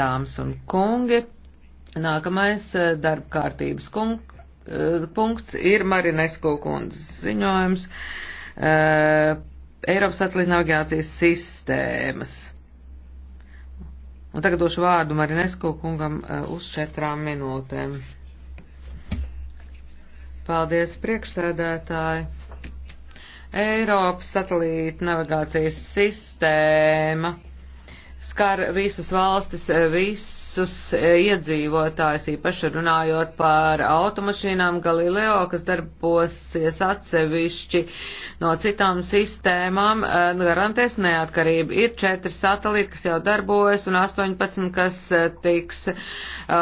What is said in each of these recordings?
Dāmas un kungi, nākamais eh, darba kārtības kung, eh, punkts ir Marinesko kundzes ziņojums uh, Eiropas satelīta navigācijas sistēmas. Un tagad došu vārdu Marinesko kungam uh, uz četrām minūtēm. Paldies, priekšsēdētāji! Eiropas satelīta navigācijas sistēma skar visas valstis, visus e, iedzīvotājus, īpaši runājot par automašīnām Galileo, kas darbosies atsevišķi no citām sistēmām, e, garantēs neatkarību. Ir četri satelīti, kas jau darbojas, un 18, kas e, tiks uh,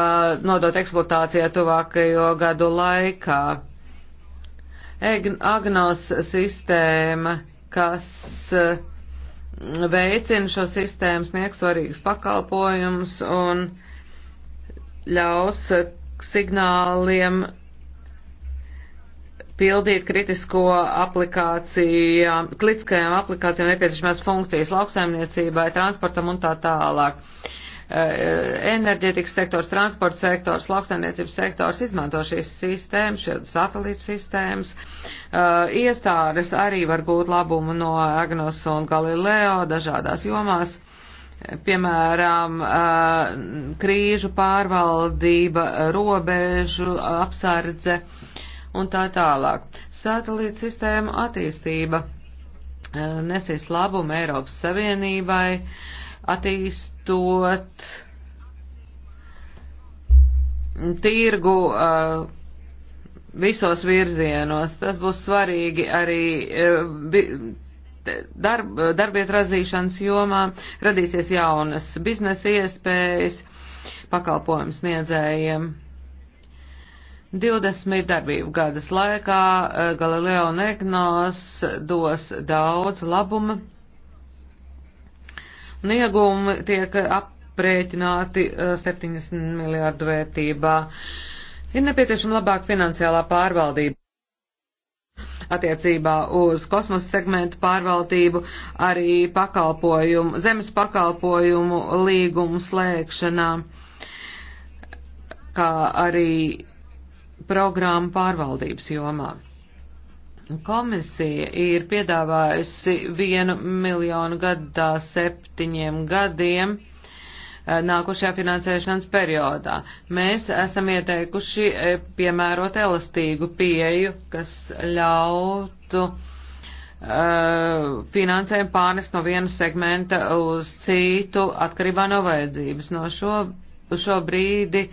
nodot eksploatācijā tuvākajo gadu laikā. Agnos sistēma, kas uh, veicina šo sistēmu, sniegs svarīgus pakalpojumus un ļaus signāliem pildīt kritisko aplikācijām, klitiskajām aplikācijām nepieciešamās funkcijas lauksaimniecībai, transportam un tā tālāk. Uh, Eh, enerģetikas sektors, transporta sektors, lauksaimniecības sektors izmanto šīs sistēmas, šādas satelītu sistēmas. Eh, iestādes arī var būt labumu no Agnos un Galileo dažādās jomās. Eh, piemēram, krīžu pārvaldība, robežu apsardze un tā tālāk. Satelīta sistēma attīstība nesīs labumu Eiropas Savienībai. Uh, attīstot tirgu uh, visos virzienos. Tas būs svarīgi arī uh, bi, darb, darbiet razīšanas jomā, radīsies jaunas biznesa iespējas pakalpojums sniedzējiem. 20 darbību gadas laikā uh, Galileo Negnos dos daudz labuma Un iegūmi tiek aprēķināti 70 eh, miljārdu vērtībā. Ir nepieciešama labāka finansiālā pārvaldība attiecībā uz kosmosa segmentu pārvaldību, arī pakalpojumu, zemes pakalpojumu līgumu slēgšanā, kā arī programmu pārvaldības jomā. Komisija ir piedāvājusi vienu miljonu gadā septiņiem gadiem eh, nākošajā finansēšanas periodā. Mēs esam ieteikuši eh, piemērot elastīgu pieju, kas ļautu uh, finansējumu pārnest no viena segmenta uz citu atkarībā no vajadzības. No šo, šo brīdi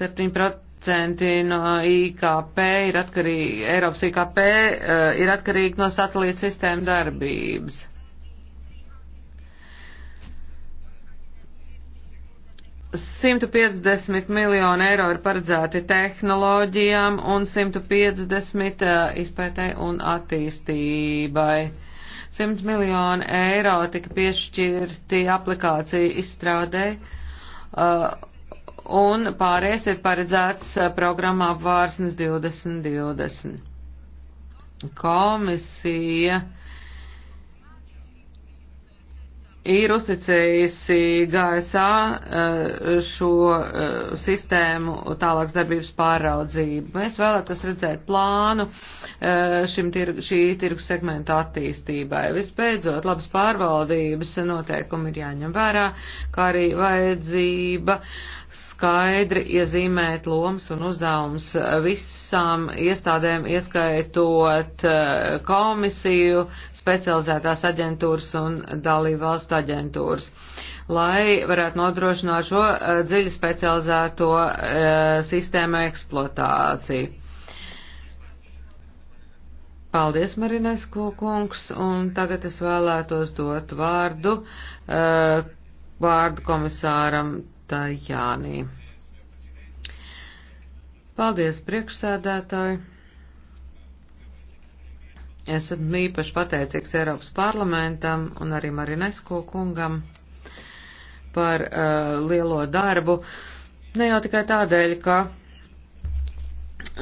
7%. 10% no IKP ir atkarīgi, Eiropas IKP uh, ir atkarīgi no satelīta sistēma darbības. Simtu piecdesmit miljonu eiro ir paredzēti tehnoloģijām un simtu piecdesmit uh, izpētē un attīstībai. 100 miljoni eiro tika piešķirti aplikāciju izstrādē, uh, un pārējais ir paredzēts eh, programmā Vārsnes 2020. Komisija ir uzticējusi GSA eh, šo eh, sistēmu tālākas darbības pāraudzību. Mēs vēlētos redzēt plānu šim, tirg, šī tirgus segmenta attīstībai. Visbeidzot, labas pārvaldības noteikumi ir jāņem vērā, kā arī vajadzība uh, skaidri iezīmēt lomas un uzdevums visām iestādēm, ieskaitot eh, komisiju, specializētās aģentūras un dalību valstu aģentūras, lai varētu nodrošināt šo eh, dziļi specializēto eh, sistēmu eksploatāciju. Paldies, Marinesko kungs, un tagad es vēlētos dot vārdu, vārdu komisāram Tajānī. Paldies, priekšsēdētāji! Esmu īpaši pateicīgs Eiropas parlamentam un arī Marinesko kungam par uh, lielo darbu, ne jau tikai tādēļ, ka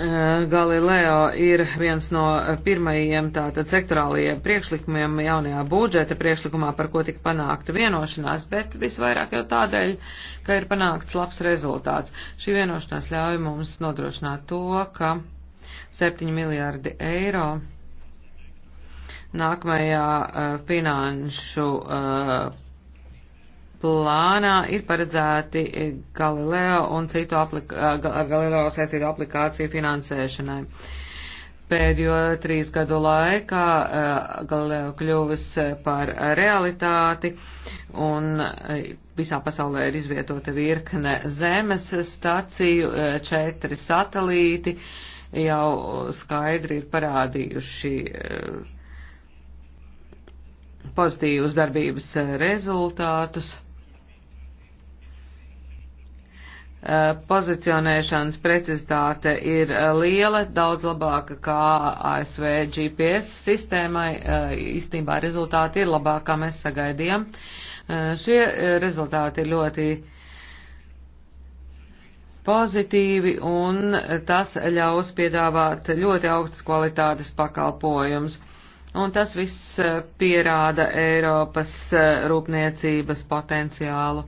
Eh, Galileo ir viens no pirmajiem tātad sektorālajiem priekšlikumiem jaunajā budžeta priekšlikumā, par ko tika panākta vienošanās, bet visvairāk jau tādēļ, ka ir panākts labs rezultāts. Šī vienošanās ļauj mums nodrošināt to, ka 7 miljārdi eiro nākamajā uh, finanšu uh, plānā ir paredzēti Galileo un citu aplika, Galileo saistītu aplikāciju finansēšanai. Pēdējo trīs gadu laikā eh, Galileo kļuvis eh, par realitāti un eh, visā pasaulē ir izvietota virkne zemes staciju, četri satelīti jau skaidri ir parādījuši pozitīvus darbības rezultātus. Eh, pozicionēšanas precizitāte ir eh, liela, daudz labāka kā ASV GPS sistēmai. Eh, īstenībā rezultāti ir labāk, kā mēs sagaidījām. Šie rezultāti ir ļoti pozitīvi un tas ļaus piedāvāt ļoti augstas kvalitātes pakalpojumus. Un tas viss pierāda Eiropas rūpniecības potenciālu.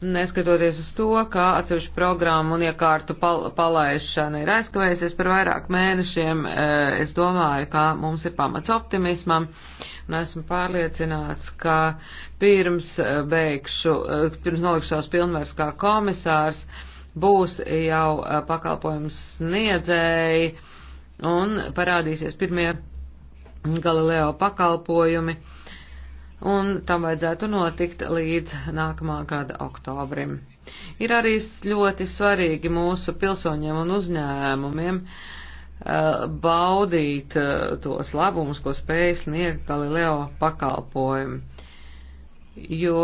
Neskatoties uz to, ka atsevišķu programmu un iekārtu pal palaišana ir aizkavējusies par vairāk mēnešiem, e, es domāju, ka mums ir pamats optimismam un esmu pārliecināts, ka pirms e, beigšu, e, pirms nolikšu savus pilnvērs kā komisārs, būs jau pakalpojums sniedzēji un parādīsies pirmie Galileo pakalpojumi un tam vajadzētu notikt līdz nākamā gada oktobrim. Ir arī ļoti svarīgi mūsu pilsoņiem un uzņēmumiem eh, baudīt eh, tos labumus, ko spēj sniegt Galileo pakalpojumu, jo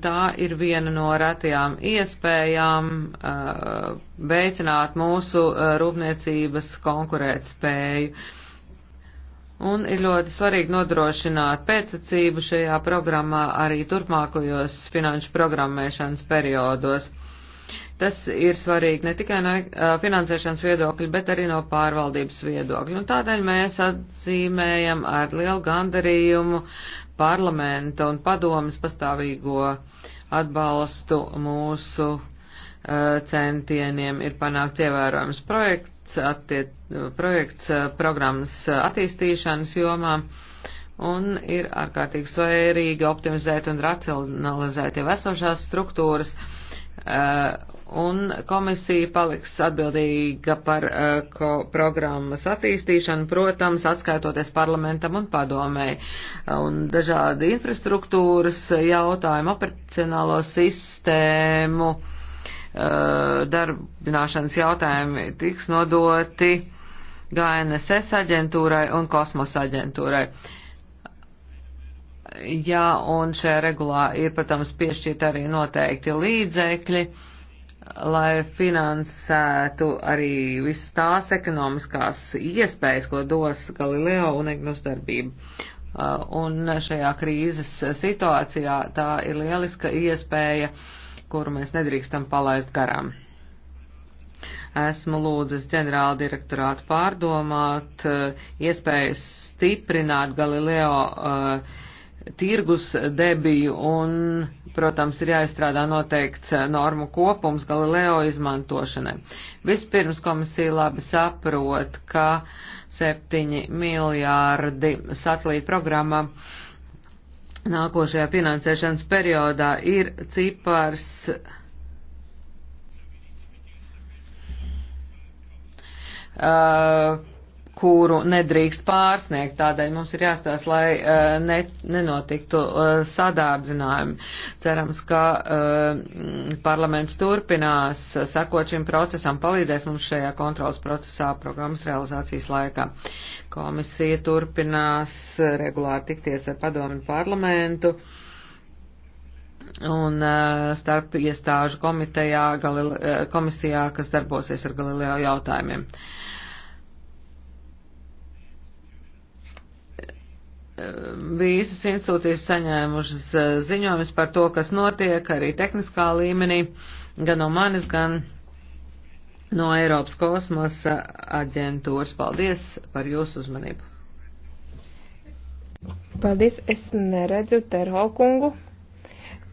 tā ir viena no retajām iespējām eh, veicināt mūsu rūpniecības konkurētspēju. spēju Un ir ļoti svarīgi nodrošināt pēcacību šajā programmā arī turpmākajos finanšu programmēšanas periodos. Tas ir svarīgi ne tikai no finansēšanas viedokļa, bet arī no pārvaldības viedokļa. Un tādēļ mēs atzīmējam ar lielu gandarījumu parlamenta un padomas pastāvīgo atbalstu mūsu uh, centieniem. Ir panākts ievērojams projekts attiec, projekts eh, programmas eh, attīstīšanas jomā un ir ārkārtīgi svarīgi optimizēt un racionalizēt jau esošās struktūras. Eh, un komisija paliks atbildīga par ko, programmas attīstīšanu, protams, atskaitoties parlamentam un padomēji. Un dažādi infrastruktūras jautājumi, operacionālo sistēmu, darbināšanas jautājumi tiks nodoti GNSS aģentūrai un kosmosa aģentūrai. Jā, un šajā regulā ir, protams, piešķirt arī noteikti līdzekļi, lai finansētu arī visas tās ekonomiskās iespējas, ko dos Galileo un Egnos darbība. Uh, un šajā krīzes situācijā tā ir lieliska iespēja, kuru mēs nedrīkstam palaist garām. Esmu lūdzis ģenerāla direktorātu pārdomāt eh, iespējas stiprināt Galileo uh, tirgus debiju un, protams, ir jāizstrādā noteikts eh, normu kopums Galileo izmantošanai. Vispirms komisija labi saprot, ka 7 miljārdi satelīta programmā nākošajā finansēšanas periodā ir cipars uh, kuru nedrīkst pārsniegt, tādēļ mums ir jāstās, lai uh, ne, nenotiktu uh, sadārdzinājumi. Cerams, ka uh, parlaments turpinās sakot šim procesam, palīdzēs mums šajā kontrolas procesā programmas realizācijas laikā. Komisija turpinās regulāri tikties ar padomu parlamentu. Uh, un uh, starp iestāžu komitejā, Galile, eh, komisijā, kas darbosies ar Galileo jautājumiem. Eh, visas institūcijas saņēmušas ziņojumus par to, kas notiek arī tehniskā līmenī, gan no manis, gan no Eiropas kosmosa aģentūras. Paldies par jūsu uzmanību! Paldies, es neredzu Terho kungu.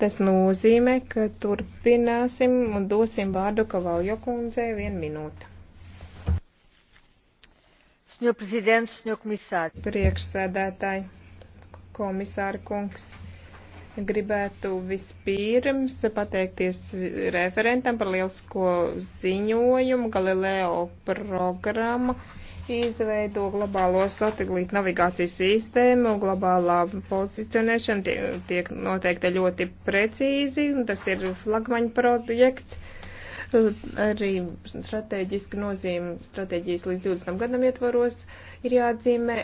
Tas nozīmē, ka turpināsim un dosim vārdu Kavaljo kundzei vienu minūtu. Senhor Presidente, Senhor Comissário. Priekšsēdētāji, komisāra kungs, gribētu vispirms pateikties referentam par lielisko ziņojumu Galileo programmu izveido globālo satelītu navigācijas sistēmu, globālā pozicionēšana tiek, tiek noteikta ļoti precīzi, un tas ir flagmaņa projekts. Arī strateģiski nozīme stratēģijas līdz 20 gadam ietvaros ir jāatzīmē.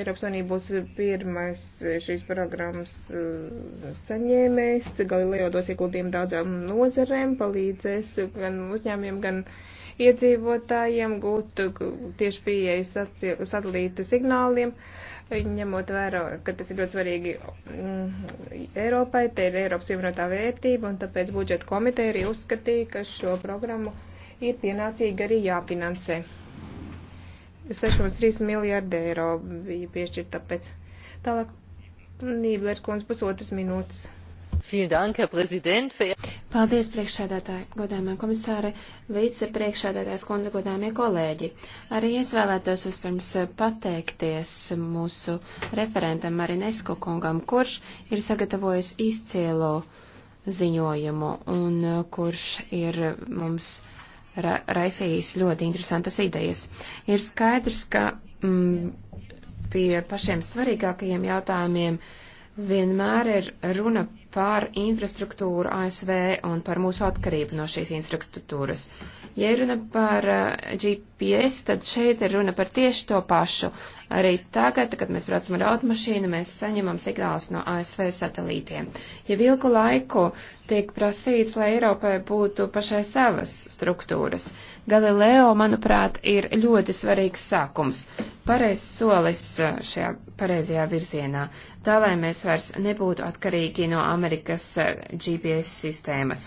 Eiropas Savienība būs pirmais šīs programmas uh, saņēmējs. Galileo dos ieguldījumu daudzām nozarēm, palīdzēs gan uzņēmiem, gan uh, iedzīvotājiem, gūt tieši pieejas satelīta signāliem, ņemot vērā, ka tas ir ļoti svarīgi mm, Eiropai, te ir Eiropas pievienotā vērtība, un tāpēc budžeta komiteja arī uzskatīja, ka šo programmu ir pienācīgi arī jāfinansē. 6,3 miljārdi eiro bija piešķirta pēc. Tālāk Nībler kundze pusotras minūtes. Paldies, priekšsēdētāji, godājumā komisāre, vicepriekšsēdētājs kundze, godājumie kolēģi. Arī es vēlētos vispirms pateikties mūsu referentam Marinesko kungam, kurš ir sagatavojis izcielo ziņojumu un uh, kurš ir mums ra raisījis ļoti interesantas idejas. Ir skaidrs, ka mm, pie pašiem svarīgākajiem jautājumiem vienmēr ir runa par infrastruktūru ASV un par mūsu atkarību no šīs infrastruktūras. Ja runa par eh, GPS, tad šeit ir runa par tieši to pašu. Arī tagad, kad mēs braucam ar automašīnu, mēs saņemam signālus no ASV satelītiem. Ja ilgu laiku tiek prasīts, lai Eiropai būtu pašai savas struktūras, Galileo, manuprāt, ir ļoti svarīgs sākums, pareizs solis eh, šajā pareizajā virzienā, tā lai mēs vairs nebūtu atkarīgi no Amerikas. Amerikas eh, GPS sistēmas.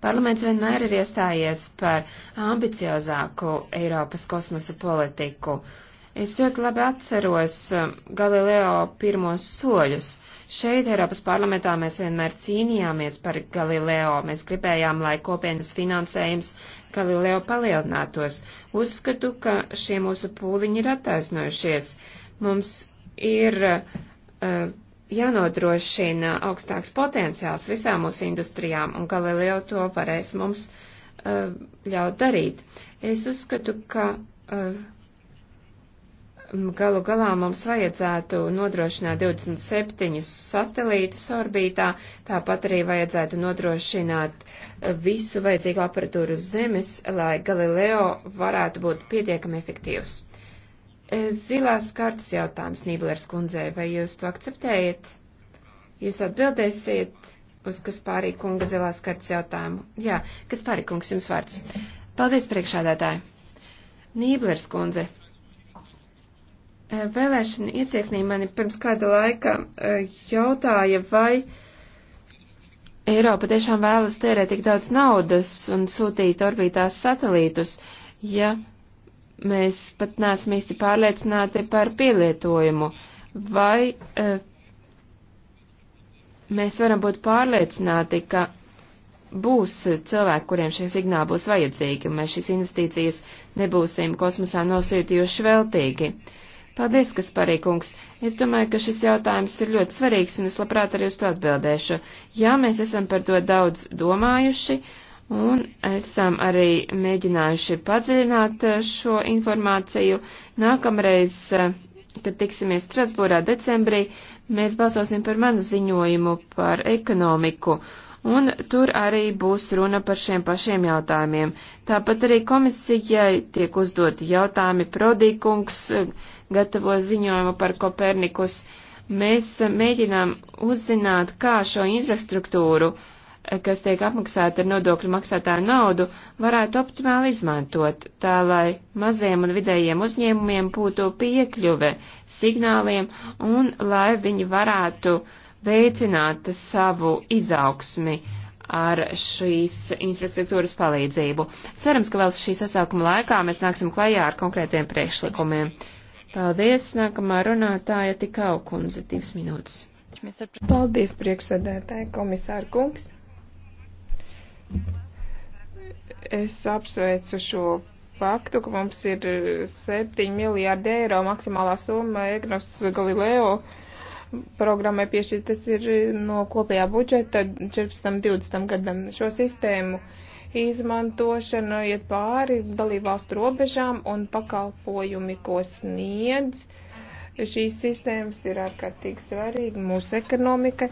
Parlaments vienmēr ir iestājies par ambiciozāku Eiropas kosmosa politiku. Es ļoti labi atceros eh, Galileo pirmos soļus. Šeit Eiropas parlamentā mēs vienmēr cīnījāmies par Galileo. Mēs gribējām, lai kopienas finansējums Galileo palielinātos. Uzskatu, ka šie mūsu pūliņi ir attaisnojušies. Mums ir uh, jānodrošina augstāks potenciāls visām mūsu industrijām, un Galileo to varēs mums uh, ļaut darīt. Es uzskatu, ka uh, galu galā mums vajadzētu nodrošināt 27 satelītus orbītā, tāpat arī vajadzētu nodrošināt uh, visu vajadzīgo aparatūru uz Zemes, lai Galileo varētu būt pietiekami efektīvs. Eh, zilās kartas jautājums Nīblers kundzei, vai jūs to akceptējat? Jūs atbildēsiet uz Kaspārī kunga zilās kartas jautājumu. Jā, Kaspārī kungs, jums vārds. Paldies, priekšādātāji. Nīblers kundze. Eh, vēlēšana iecieknī mani pirms kāda laika eh, jautāja, vai Eiropa tiešām vēlas tērēt tik daudz naudas un sūtīt orbītās satelītus, ja Mēs pat neesam īsti pārliecināti par pielietojumu. Vai uh, mēs varam būt pārliecināti, ka būs cilvēki, kuriem šie signāli būs vajadzīgi, un mēs šīs investīcijas nebūsim kosmosā nosūtījuši veltīgi. Paldies, Kasparīkungs. Es domāju, ka šis jautājums ir ļoti svarīgs, un es labprāt arī uz to atbildēšu. Jā, mēs esam par to daudz domājuši, Un esam arī mēģinājuši padziļināt eh, šo informāciju. Nākamreiz, eh, kad tiksimies Strasbūrā decembrī, mēs balsosim par manu ziņojumu par ekonomiku. Un tur arī būs runa par šiem pašiem jautājumiem. Tāpat arī komisijai tiek uzdoti jautājumi. Prodīkungs eh, gatavo ziņojumu par Kopernikus. Mēs mēģinām uzzināt, kā šo infrastruktūru uh, kas tiek apmaksāti ar nodokļu maksātāju naudu, varētu optimāli izmantot, tā lai maziem un vidējiem uzņēmumiem būtu piekļuve signāliem un lai viņi varētu veicināt savu izaugsmi ar šīs infrastruktūras palīdzību. Cerams, ka vēl šī sasaukuma laikā mēs nāksim klajā ar konkrētiem priekšlikumiem. Paldies, nākamā runātāja tikau kundze, divas minūtes. Paldies, priekšsēdētāji, komisāra kungs. Es apsveicu šo faktu, ka mums ir 7 miljārdi eiro maksimālā summa Egnos Galileo programmai piešķirt. Tas ir no kopējā budžeta 14-20 gadam. Šo sistēmu izmantošana iet pāri dalībvalstu robežām un pakalpojumi, ko sniedz. Šīs sistēmas ir ārkārtīgi svarīgi mūsu ekonomikai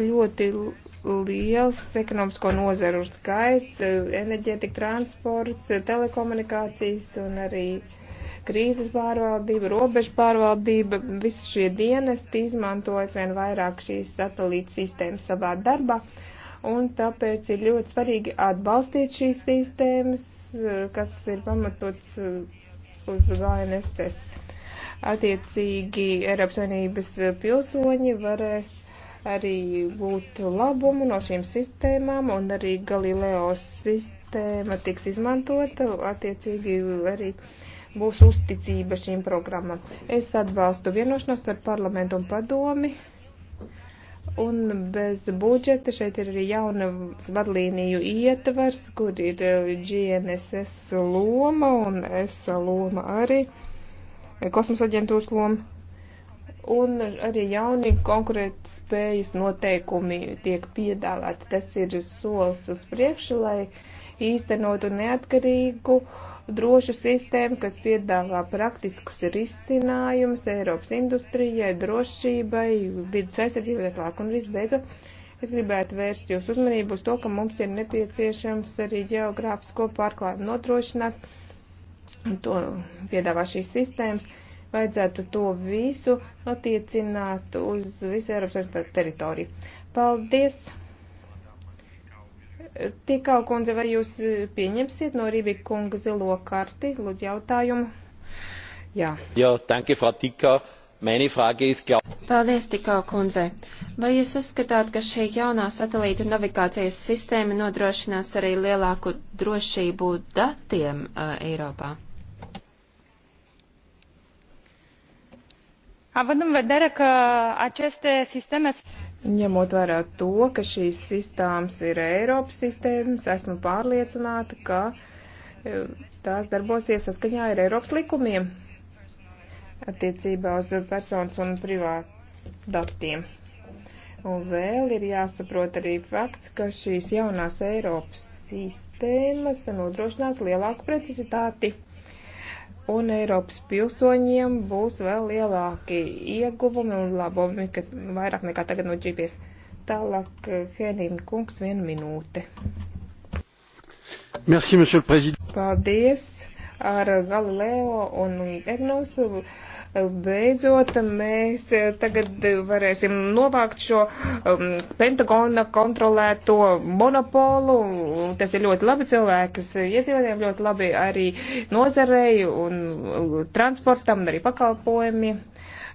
ļoti liels ekonomisko nozaru skaits - enerģētika, transports, telekomunikācijas un arī krīzes pārvaldība, robežu pārvaldība. Visi šie dienesti izmanto aizvien vairāk šīs satelīta sistēmas savā darbā, un tāpēc ir ļoti svarīgi atbalstīt šīs sistēmas, kas ir pamatots uz VNSS attiecīgi Eiropas Savienības pilsoņi varēs arī gūtu labumu no šīm sistēmām, un arī Galileo sistēma tiks izmantota, attiecīgi arī būs uzticība šīm programmām. Es atbalstu vienošanos ar parlamentu un padomi, un bez budžeta šeit ir arī jauna vadlīniju ietvars, kur ir eh, GNSS loma un ESA loma arī, kosmosa aģentūras loma Un arī jauni konkurēt spējas noteikumi tiek piedāvāti. Tas ir solis uz priekšu, lai īstenotu neatkarīgu, drošu sistēmu, kas piedāvā praktiskus risinājumus Eiropas industrijai, drošībai, vidas aizsardzībai, tālāk un visbeidzot. Es gribētu vērst jūsu uzmanību uz to, ka mums ir nepieciešams arī geogrāfisko pārklājumu nodrošināt. To piedāvā šīs sistēmas vajadzētu to visu attiecināt uz visu Eiropas Savienības teritoriju. Paldies! Tikā kundze, vai jūs pieņemsiet no Rībika kunga zilo karti? Lūdzu, jautājumu. Jā. Jā, danke, Frau Tikā. Mani frāge ir klau. Paldies, Tikā kundze. Vai jūs uzskatāt, ka šī jaunā satelītu navigācijas sistēma nodrošinās arī lielāku drošību datiem uh, Eiropā? având în vedere că aceste sisteme Ņemot vērā to, ka šīs sistēmas ir Eiropas sistēmas, esmu pārliecināta, ka e, tās darbosies saskaņā ar Eiropas likumiem attiecībā uz personas un privātu datiem. Un vēl ir jāsaprot arī fakts, ka šīs jaunās Eiropas sistēmas nodrošinās lielāku precizitāti un Eiropas pilsoņiem būs vēl lielāki ieguvumi un labumi, kas vairāk nekā tagad no GPS. Tālāk Henning eh, kungs vienu minūte. Merci, monsieur le président. Paldies. Ar Galileo un Egnosu beidzot mēs eh, tagad varēsim novākt šo um, Pentagona kontrolēto monopolu. Tas ir ļoti labi cilvēks iedzīvotājiem, ļoti labi arī nozarei un uh, transportam, arī pakalpojumiem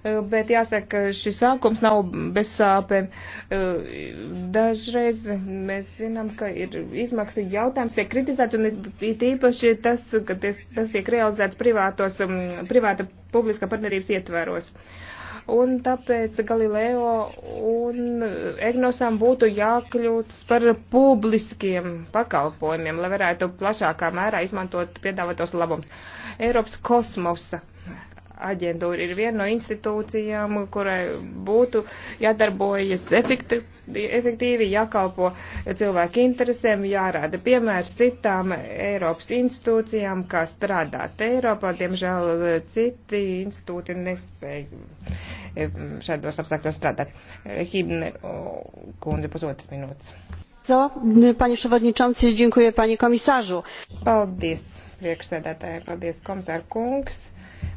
bet jāsaka, šis sākums nav bez sāpēm. Dažreiz mēs zinām, ka ir izmaksu jautājums, tiek kritizēts, un it īpaši tas, ka tas tiek realizēts privātos, um, privāta publiskā partnerības ietveros. Un tāpēc Galileo un Egnosam būtu jākļūt par publiskiem pakalpojumiem, lai varētu plašākā mērā izmantot piedāvātos labumus. Eiropas kosmosa uh, aģentūra ir viena no institūcijām, kurai būtu jādarbojas efektīvi, jākalpo cilvēku interesēm, jārāda piemērs citām Eiropas institūcijām, kā strādāt Eiropā. Diemžēl eh, citi institūti nespēja eh, šādos apstākļos strādāt. Eh, Hibne kundze pusotras minūtes. Panie Przewodniczący, dziękuję Panie Komisarzu. Paldies, priekšsēdētāji, paldies, komisār kungs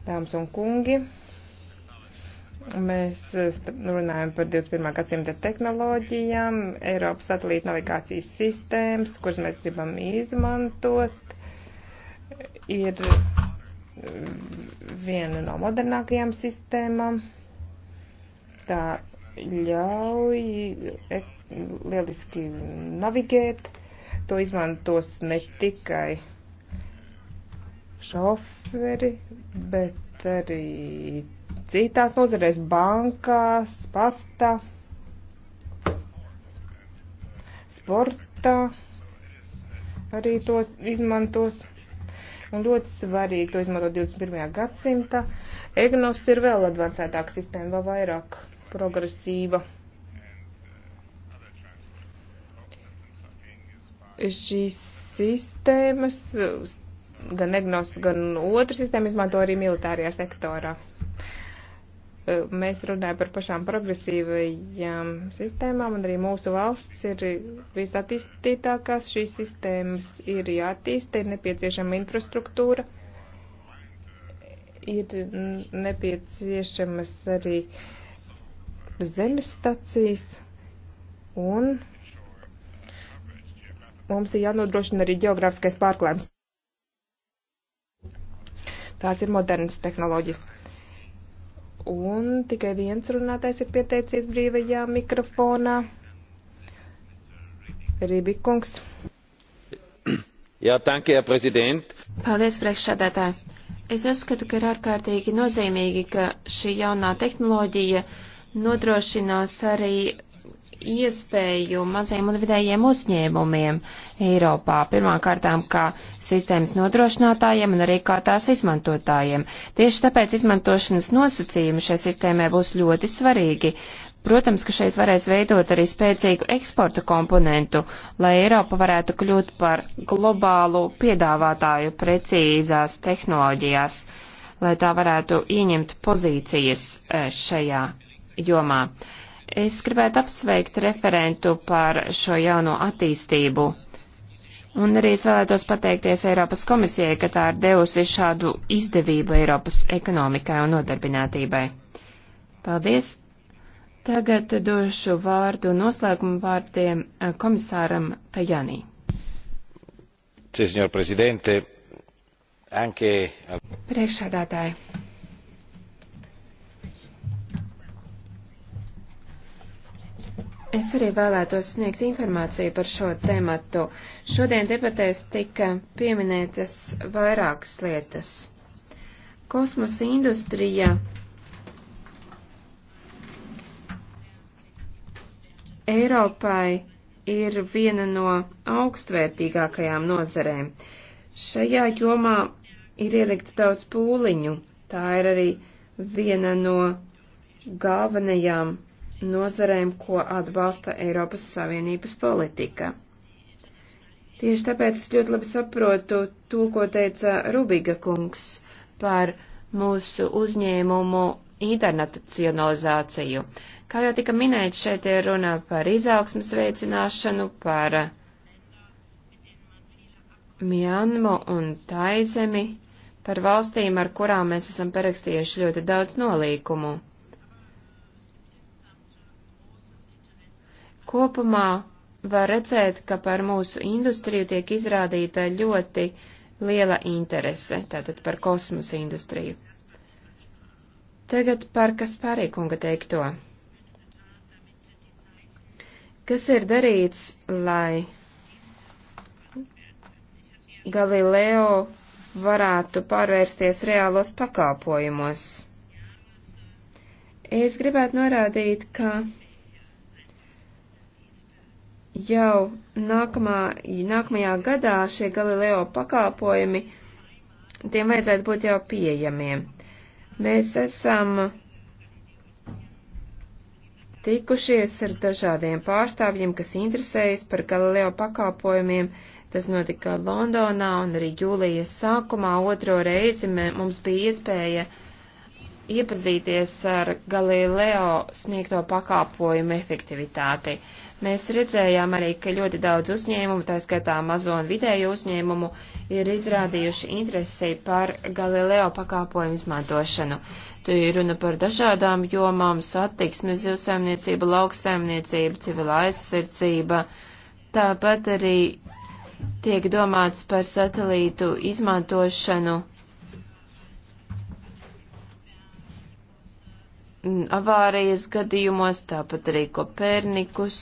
dāmas un kungi. Mēs eh, nu, runājam par 21. gadsimta tehnoloģijām, Eiropas satelīta navigācijas sistēmas, kuras mēs gribam izmantot, ir eh, viena no modernākajām sistēmām. Tā ļauj eh, lieliski navigēt. To izmantos ne tikai šoferi, bet arī citās nozarēs, bankās, pastā, sportā arī tos izmantos. Un ļoti svarīgi to izmantot 21. gadsimta. Egnos ir vēl advancētāka sistēma, vēl vairāk progresīva. Šīs sistēmas gan EGNOS, gan otru sistēmu izmanto arī militārajā sektorā. E, mēs runājam par pašām progresīvajām sistēmām, un arī mūsu valsts ir visattīstītākās. Šīs sistēmas ir jātīsta, ir nepieciešama infrastruktūra, ir nepieciešamas arī zemes stacijas, un mums ir jānodrošina arī geogrāfiskais pārklājums. Tās ir modernas tehnoloģijas. Un tikai viens runātais ir pieteicies brīvajā mikrofonā. Rībikungs. Jā, tankie, prezident. Paldies, priekšsēdētāji. Es uzskatu, ka ir ārkārtīgi nozīmīgi, ka šī jaunā tehnoloģija nodrošinās arī iespēju maziem un vidējiem uzņēmumiem Eiropā. Pirmkārtām, kā sistēmas nodrošinātājiem un arī kā tās izmantotājiem. Tieši tāpēc izmantošanas nosacījumi šai sistēmai būs ļoti svarīgi. Protams, ka šeit varēs veidot arī spēcīgu eksporta komponentu, lai Eiropa varētu kļūt par globālu piedāvātāju precīzās tehnoloģijās, lai tā varētu ieņemt pozīcijas eh, šajā jomā. Es gribētu apsveikt referentu par šo jauno attīstību. Un arī es vēlētos pateikties Eiropas komisijai, ka tā ir devusi šādu izdevību Eiropas ekonomikai un nodarbinātībai. Paldies! Tagad došu vārdu noslēgumu vārdiem eh, komisāram Tajanī. Signor Presidente, anche... Priekšsēdētāji. Es arī vēlētos sniegt informāciju par šo tematu. Šodien debatēs tika pieminētas vairākas lietas. Kosmosa industrija Eiropai ir viena no augstvērtīgākajām nozarēm. Šajā jomā ir ielikta daudz pūliņu. Tā ir arī viena no galvenajām nozarēm, ko atbalsta Eiropas Savienības politika. Tieši tāpēc es ļoti labi saprotu to, ko teica Rubiga kungs par mūsu uzņēmumu internacionalizāciju. Kā jau tika minēts, šeit ir runa par izaugsmas veicināšanu, par Mjanmu un Taizemi, par valstīm, ar kurām mēs esam parakstījuši ļoti daudz nolīkumu. Kopumā var redzēt, ka par mūsu industriju tiek izrādīta ļoti liela interese, tātad par kosmosa industriju. Tagad par Kaspārī kunga teikto. Kas ir darīts, lai Galileo varētu pārvērsties reālos pakalpojumos? Es gribētu norādīt, ka jau nākamā, nākamajā gadā šie Galileo pakalpojumi, tiem vajadzētu būt jau pieejamiem. Mēs esam tikušies ar dažādiem pārstāvjiem, kas interesējas par Galileo pakalpojumiem. Tas notika Londonā un arī jūlijas sākumā otro reizi mums bija iespēja uh, iepazīties ar Galileo sniegto pakāpojumu efektivitāti. Mēs redzējām arī, ka ļoti daudz uzņēmumu, tā skaitā mazo un vidēju uzņēmumu, ir izrādījuši interesi par Galileo pakāpojumu izmantošanu. Tu ir runa par dažādām jomām - satiksme, zilsaimniecība, lauksaimniecība, civilā aizsardzība. Tāpat arī tiek domāts par satelītu izmantošanu avārijas gadījumos, tāpat arī Kopernikus.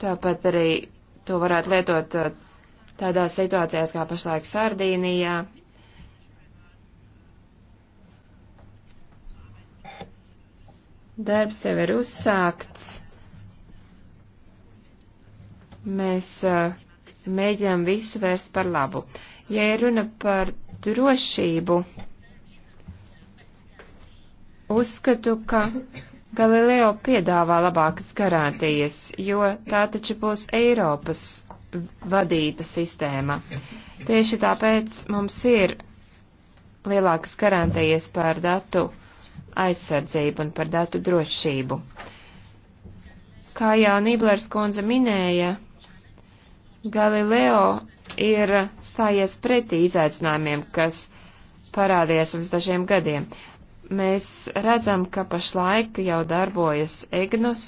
Tāpat arī to varētu lietot uh, tādās situācijās kā pašlaik Sardīnijā. Darbs jau ir uzsākts. Mēs uh, mēģinām visu vērst par labu. Uh, Ja runa par drošību, uzskatu, ka Galileo piedāvā labākas garantijas, jo tā taču būs Eiropas vadīta sistēma. Tieši tāpēc mums ir lielākas garantijas par datu aizsardzību un par datu drošību. Kā jau Nīblers kundze minēja, Galileo ir stājies pretī izaicinājumiem, kas parādījās pirms dažiem gadiem. Mēs redzam, ka pašlaik jau darbojas EGNUS.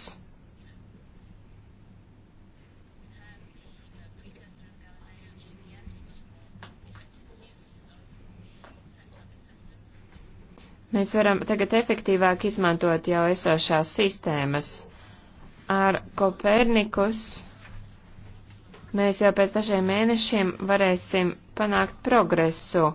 Mēs varam tagad efektīvāk izmantot jau esošās sistēmas. Ar Kopernikus mēs jau pēc dažiem mēnešiem varēsim panākt progresu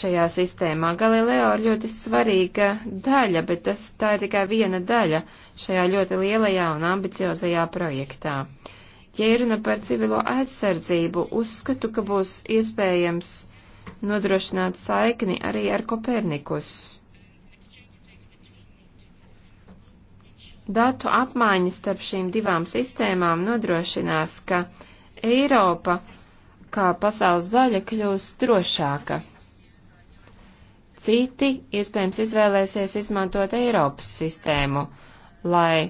šajā sistēmā. Galileo ir ļoti svarīga daļa, bet tas, tā ir tikai viena daļa šajā ļoti lielajā un ambiciozajā projektā. Ja ir runa par civilo aizsardzību, uzskatu, ka būs iespējams nodrošināt saikni arī ar Kopernikus. Datu apmaiņa starp šīm divām sistēmām nodrošinās, ka Eiropa kā pasaules daļa kļūs drošāka. Citi iespējams izvēlēsies izmantot Eiropas sistēmu, lai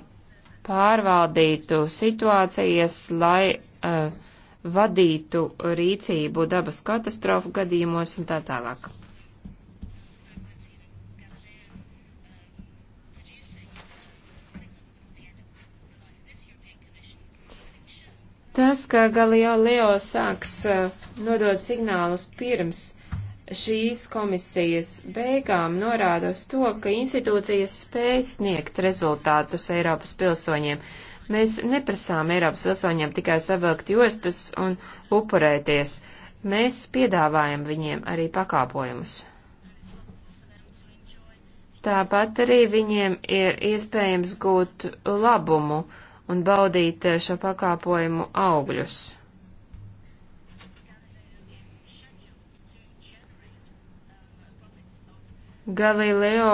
pārvaldītu situācijas, lai uh, vadītu rīcību dabas katastrofu gadījumos un tā tālāk. Tas, ka Galileo Leo sāks eh, nodot signālus pirms šīs komisijas beigām, norāda uz to, ka institūcijas spēj sniegt rezultātus Eiropas pilsoņiem. Mēs neprasām Eiropas pilsoņiem tikai savilkt jostas un upurēties. Mēs piedāvājam viņiem arī pakāpojumus. Tāpat arī viņiem ir iespējams gūt labumu un baudīt eh, šo pakāpojumu augļus. Galileo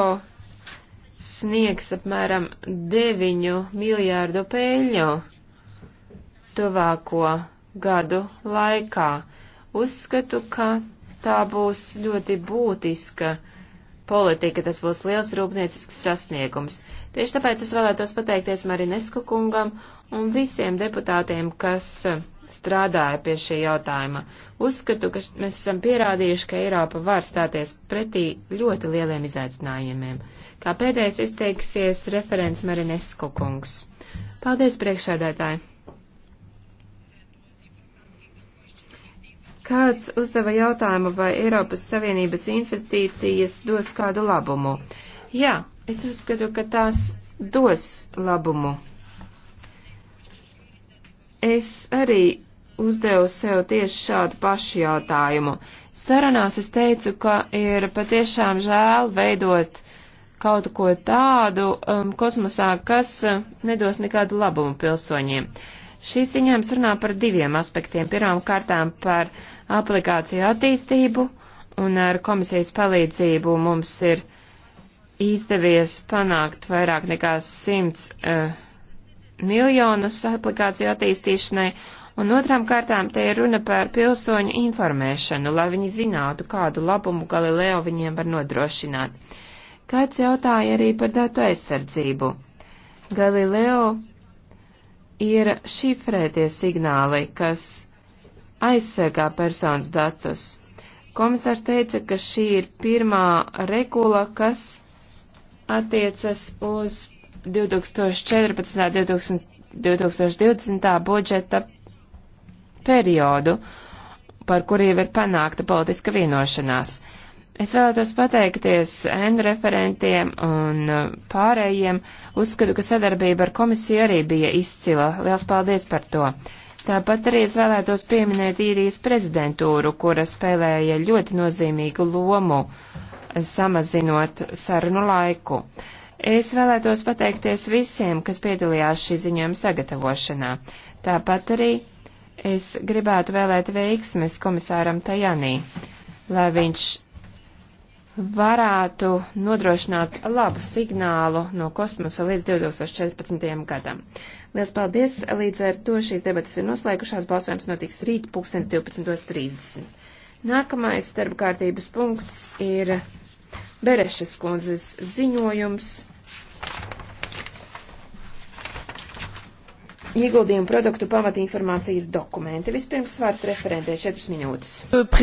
sniegs apmēram 9 miljārdu peļņu tuvāko gadu laikā. Uzskatu, ka tā būs ļoti būtiska politika, tas būs liels rūpniecisks sasniegums. Tieši tāpēc es vēlētos pateikties Marinesku kungam un visiem deputātiem, kas strādāja pie šī jautājuma. Uzskatu, ka mēs esam pierādījuši, ka Eiropa var stāties pretī ļoti lieliem izaicinājumiem. Kā pēdējais izteiksies referents Marinesku kungs. Paldies, priekšsēdētāji! Kāds uzdeva jautājumu, vai Eiropas Savienības investīcijas dos kādu labumu? Jā, Es uzskatu, ka tās dos labumu. Es arī uzdevu sev tieši šādu pašu jautājumu. Sarunās es teicu, ka ir patiešām žēl veidot kaut ko tādu um, kosmosā, kas uh, nedos nekādu labumu pilsoņiem. Šīs ziņojums runā par diviem aspektiem. Pirmām kārtām par aplikāciju attīstību, un ar komisijas palīdzību mums ir izdevies panākt vairāk nekā 100 uh, eh, miljonus aplikāciju attīstīšanai, un otrām kārtām te ir runa par pilsoņu informēšanu, lai viņi zinātu, kādu labumu Galileo viņiem var nodrošināt. Kāds jautāja arī par datu aizsardzību. Galileo ir šifrētie signāli, kas aizsargā personas datus. Komisārs teica, ka šī ir pirmā regula, kas attiecas uz 2014. 2020. budžeta periodu, par kuriem ir panākta politiska vienošanās. Es vēlētos pateikties N referentiem un pārējiem. Uzskatu, ka sadarbība ar komisiju arī bija izcila. Liels paldies par to! Tāpat arī es vēlētos pieminēt īrijas prezidentūru, kura spēlēja ļoti nozīmīgu lomu uh, samazinot sarunu laiku. Es vēlētos pateikties visiem, kas piedalījās šī ziņojuma sagatavošanā. Tāpat arī es gribētu vēlēt veiksmes komisāram Tajanī, lai viņš varētu nodrošināt labu signālu no kosmosa līdz 2014. gadam. Lielas paldies! Līdz ar to šīs debatas ir noslēgušās. Balsojums notiks rīt 2012.30. Nākamais starpkārtības punkts ir. Berešas kundzes ziņojums. Ieguldījumu produktu pamatinformācijas dokumenti. Vispirms vārds referentē 4 minūtes.